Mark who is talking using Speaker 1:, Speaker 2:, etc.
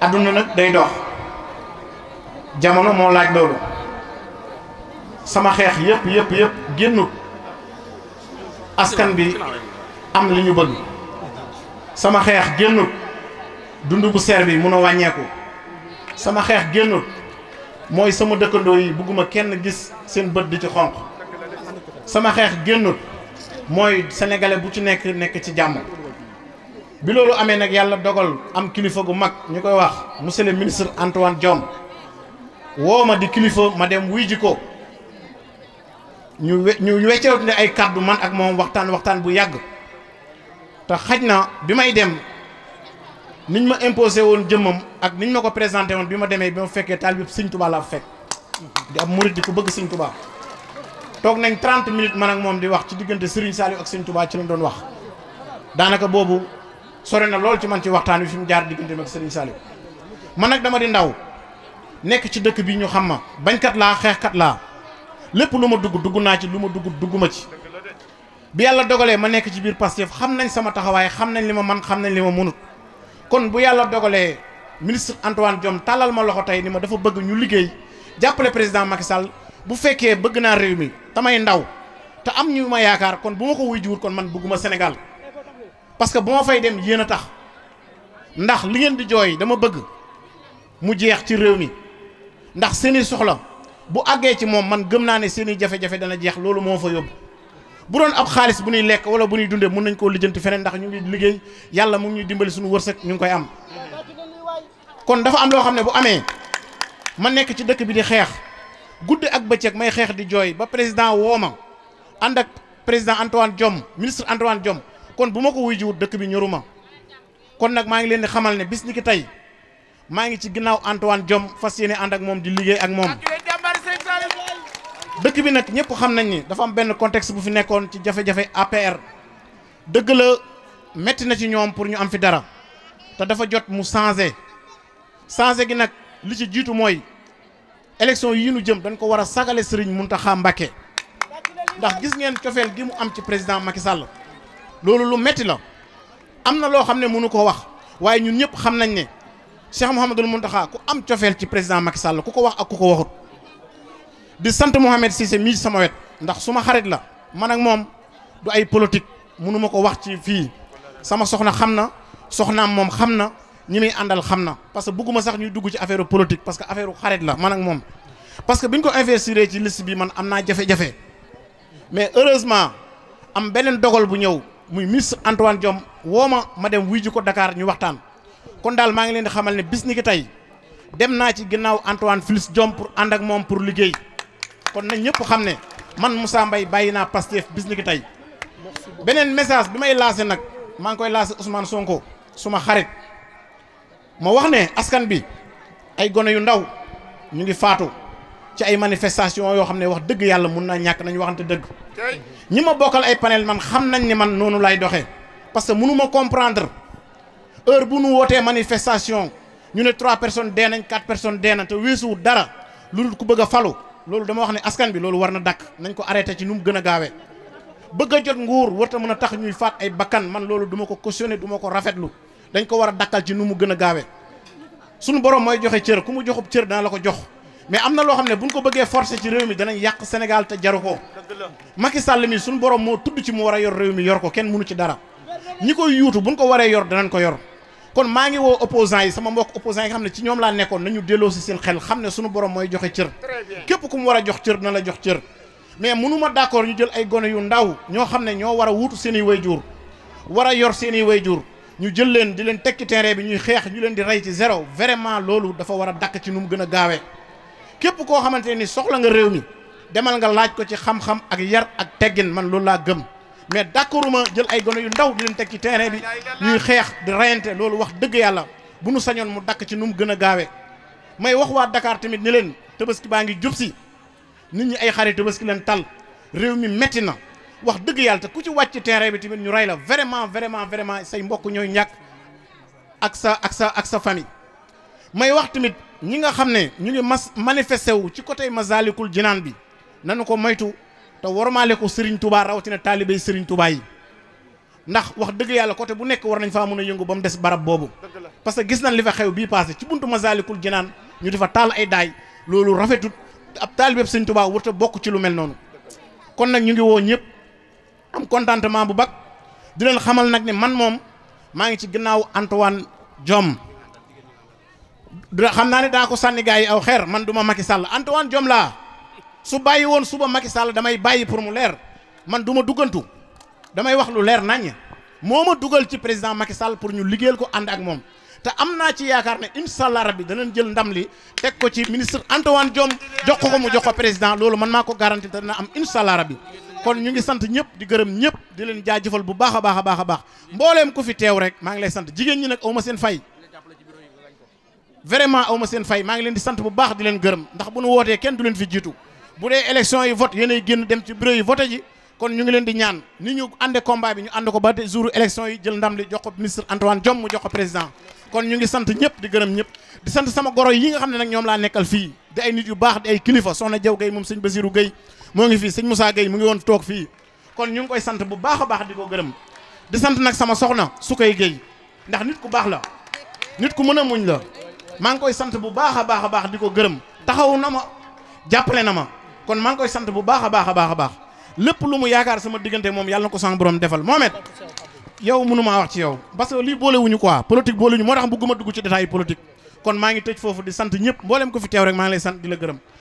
Speaker 1: adduna nag day dox jamono moo laaj loolu sama xeex yëpp yëpp yëpp génnut askan bi am li ñu bëgg sama xeex génnut dund bu seer bi mun a wàññeeku sama xeex génnut mooy sama dëkkandoo yi bëgguma kenn gis seen bët bi ci xonq sama xeex génnut mooy sénégalais bu ci nekk nekk ci jàmm bi loolu amee nag yàlla dogal am kilifa gu mag ñu koy wax monsieur le ministre Antoine Diome woo ma di kilifa ma dem wuy ji ko ñu we ñu wecceewut ne ay kàddu man ak moom waxtaan waxtaan bu yàgg te xaj na bi may dem niñ ma imposé woon jëmmam ak niñ ma ko présenté woon bi ma demee bi ma fekkee taal bi sëñ Tuubaa laa fekk di ab murit di ko bëgg sëñ Tuubaa toog nañ 30 minutes man ak moom di wax ci diggante Serigne Saliou ak sëñ Tuubaa ci lañ doon wax daanaka sore na loolu ci man ci waxtaan wi fi mu jaar diggante ak Serigne Saliou man nag dama di ndaw nekk ci dëkk bi ñu xam ma bañkat laa xeexkat laa lépp lu ma dugg dugg naa ci lu ma dugg dugg ma ci bi yàlla dogalee ma nekk ci biir Pastef xam nañ sama taxawaay xam nañ li ma man xam nañ li ma mënut kon bu yàlla dogalee ministre Antoine Diome tàllal ma loxo tey ni ma dafa bëgg ñu liggéey jàppale président Macky Sall bu fekkee bëgg naa réew mi tamay ndaw te am ñu ma yaakaar kon bu ma ko kon man bëgguma Sénégal parce que bu ma fay dem yéen a tax ndax li ngeen di jooy dama bëgg mu jeex ci réew mi ndax seeni soxla bu àggee ci moom man gëm naa ne seeni jafe-jafe dana jeex loolu moo fa yóbbu bu doon ab xaalis bu ñuy lekk wala bu ñuy dundee mën nañ koo lijjanti feneen ndax ñu ngi liggéey yàlla mu ngi ñuy dimbali suñu wërsëg ñu ngi koy am kon dafa am loo xam ne bu amee ma nekk ci dëkk bi di xeex guddi ak bëccëg may xeex di jooy ba président woo ma ànd ak président Antoine Diome ministre Antoine Diome kon bu ma ko wuy jiwut dëkk bi ñoruma kon nag maa ngi leen di xamal ne bis ni ki tey maa ngi ci ginnaaw Antoine Diome fas yéene ànd ak moom di liggéey ak moom dëkk bi nag ñëpp xam nañ ni dafa am benn contexte bu fi nekkoon ci jafe-jafe APR dëgg la metti na ci ñoom pour ñu am fi dara te dafa jot mu changé changé gi nag li ci jiitu mooy élection yii ñu jëm dañ ko war a sagale Serigne Mountakha Mbacké ndax gis ngeen cofeel gi mu am ci président Macky Sall loolu lu metti la am na loo xam ne mënu koo wax waaye ñun ñëpp xam nañ ne Cheikh Mouhamadul Mountakha ku am cofeel ci président Macky la ku ko wax ak ku ko waxut di sant Mouhamed Cissé mii sama wet ndax suma xarit la man ak moom du ay politique mënuma ko wax ci fii sama soxna xam na soxnaam moom xam na ñu muy àndal xam na parce que bëgguma sax ñuy dugg ci affaire politique parce que affaire xarit la man ak moom parce que bi ñu ko investir ci liste bi man am naa jafe mais heureusement am beneen dogal bu ñëw muy ministre Antoine Diome woo ma ma dem wuy ji ko Dakar ñu waxtaan kon daal maa ngi leen di xamal ne bis ni tey dem naa ci ginnaaw Antoine Félix Diome pour ànd ak moom pour liggéey kon nañ ñëpp xam ne man Moussa Mbaye bàyyi naa Pastef bis ni tey beneen message bi may lancé nag maa ngi koy lancé Ousmane Sonko suma xarit ma wax ne askan bi ay gone yu ndaw ñu ngi faatu ci ay manifestation yoo xam ne wax dëgg yàlla mun naa ñàkk nañu waxante dëgg ñi ma bokkal ay panel man xam nañ ni man noonu lay doxee parce que mënuma comprendre heure bu nu wootee manifestation ñu ne trois personnes dee nañ quatre personnes dee nañ te weesuwul dara loolu ku bëgg a falu loolu dama wax ne askan bi loolu war na dakk nañ ko arrêté ci nu mu gën a gaawee bëgg a jot nguur war mën a tax ñuy faat ay bakkan man loolu du ko cautionné duma ko rafetlu dañ ko war a dakkal ci nu mu gën a gaawee suñu borom mooy joxe cër ku mu joxub cër dana la ko jox mais am na loo xam ne bu ñu ko bëggee forcer ci réew mi danañ yàq Sénégal te jaru ko Macky Sall mi suñu borom moo tudd ci mu war a yor réew mi yor ko kenn mënu ci dara ñi koy yuutu bu ñu ko waree yor danañ ko yor kon maa ngi woo opposants yi sama mbokk opposants yi nga xam ne ci ñoom laa nekkoon nañu delloo si seen xel xam ne suñu borom mooy joxe cër képp ku mu war a jox cër na la jox cër mais mënuma d'accord ñu jël ay gone yu ndaw ñoo xam ne ñoo war a wuutu seen i wayjur war a yor seen i wayjur ñu jël leen di leen tekki terrain bi ñuy xeex ñu leen di rey ci zéro vraiment loolu dafa war a dakk ci nu mu gën a gaawee képp koo xamante ni soxla nga réew mi demal nga laaj ko ci xam-xam ak yar ak teggin man loolu laa gëm mais d'accorduma jël ay gone yu ndaw di leen teg ci terrain bi ñuy xeex di reyante loolu wax dëgg yàlla bu nu sañoon mu dakk ci nu mu gën a gaawee may wax waa dakaar tamit ni leen tabaski baa ngi jub si nit ñi ay xarit tabaski leen tal réew mi metti na wax dëgg yàlla te ku ci wàcc terrain bi tamit ñu rey la vraiment vraiment vraiment say mbokk ñooy ñàkk ak sa ak sa ak sa famille ñi nga xam ne ñu ngi mas manifesté wu ci côté Masaalikul Jinaan bi nanu ko moytu te warmaale ko Serigne Touba rawatina taalibey Serigne Touba yi ndax wax dëgg yàlla côté bu nekk war nañ faa mën a yëngu ba mu des barab boobu parce que gis nañ li fa xew bii passé ci buntu Masaalikul Jinaan ñu di fa taal ay daay loolu rafetut ab taalibeb Serigne Touba warut bokk ci lu mel noonu kon nag ñu ngi woo ñëpp am contentement bu bag di leen xamal nag ne man moom maa ngi ci gannaaw Antoine Diome da xam naa ne daa ko sànni gars aw xeer man duma ma Macky Sall Antoine Diome laa su bàyyi woon suba Macky Sall damay bàyyi pour mu leer man duma duggantu damay wax lu leer naññ moo ma dugal ci président Macky sàll pour ñu liggéeyal ko ànd ak moom te am naa ci yaakaar ne incha allah bi danañ jël ndam li teg ko ci ministre Antoine Diome jox ko ko mu jox ko président loolu man maa ko garanti te dana am incha allah rabbi kon ñu ngi sant ñëpp di gërëm ñëpp di leen jaajëfal bu baax a baax a a baax mbooleem ku fi teew rek maa ngi lay sant jigéen ñi nag aw ma seen fay. vraiment aw ma seen fay maa ngi leen di sant bu baax di leen gërëm ndax bu nu wootee kenn du leen fi jiitu bu dee élection yi vote yéenay génn dem ci bureau yi vote ji kon ñu ngi leen di ñaan ni ñu ànde combat bi ñu ànd ko ba jour élection yi jël ndam li jox ko ministre Antoine Diome mu jox ko président kon ñu ngi sant ñëpp di gërëm ñëpp di sant sama goro yi nga xam ne nag ñoom laa nekkal fii di ay nit yu baax di ay kilifa soxna Jaw Gay moom sëñ Basiru Gay moo ngi fii sëñ Moussa Gay mu ngi woon toog fii kon ñu ngi koy sant bu baax a baax di ko gërëm di sant nag sama soxna Sukay Gay ndax nit ku baax la nit ku mën a muñ la maa ngi koy sant bu baax a baax a baax di ko gërëm taxaw na ma jàppale na ma kon maa ngi koy sant bu baax a baax a baax lépp lu mu yaakaar sama diggante moom yàlla na ko san borom defal Mohamed yow mënumaa wax ci yow parce que lii boolewuñu quoi politique boolewuñu moo tax bëgguma dugg ci détail politique kon maa ngi tëj foofu di sant ñëpp mboolem ko fi teew rek maa ngi lay sant di la gërëm